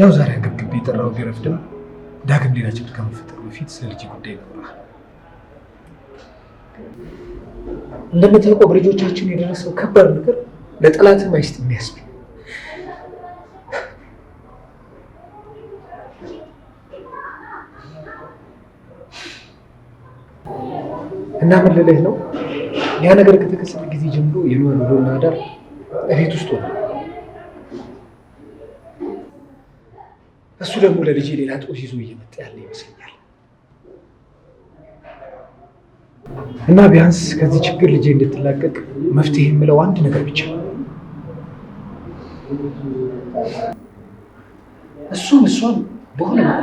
ያው ዛሬ አንገብግቤ የጠራው ቢረፍድም ዳግም ሌላ ችግር ከመፈጠሩ በፊት ስለ ልጅ ጉዳይ ይኖራል። እንደምታውቀው በልጆቻችን የደረሰው ከባድ ነገር ለጠላት ማይስት የሚያስብ እና ምን ልልህ ነው ያ ነገር ከተከሰተ ጊዜ ጀምሮ የኖር ውሎና አዳር እቤት ውስጥ ሆነ እሱ ደግሞ ለልጄ ሌላ ጦስ ይዞ እየመጣ ያለ ይመስለኛል። እና ቢያንስ ከዚህ ችግር ልጄ እንድትላቀቅ መፍትሄ የምለው አንድ ነገር ብቻ እሱም እሷን በሆነ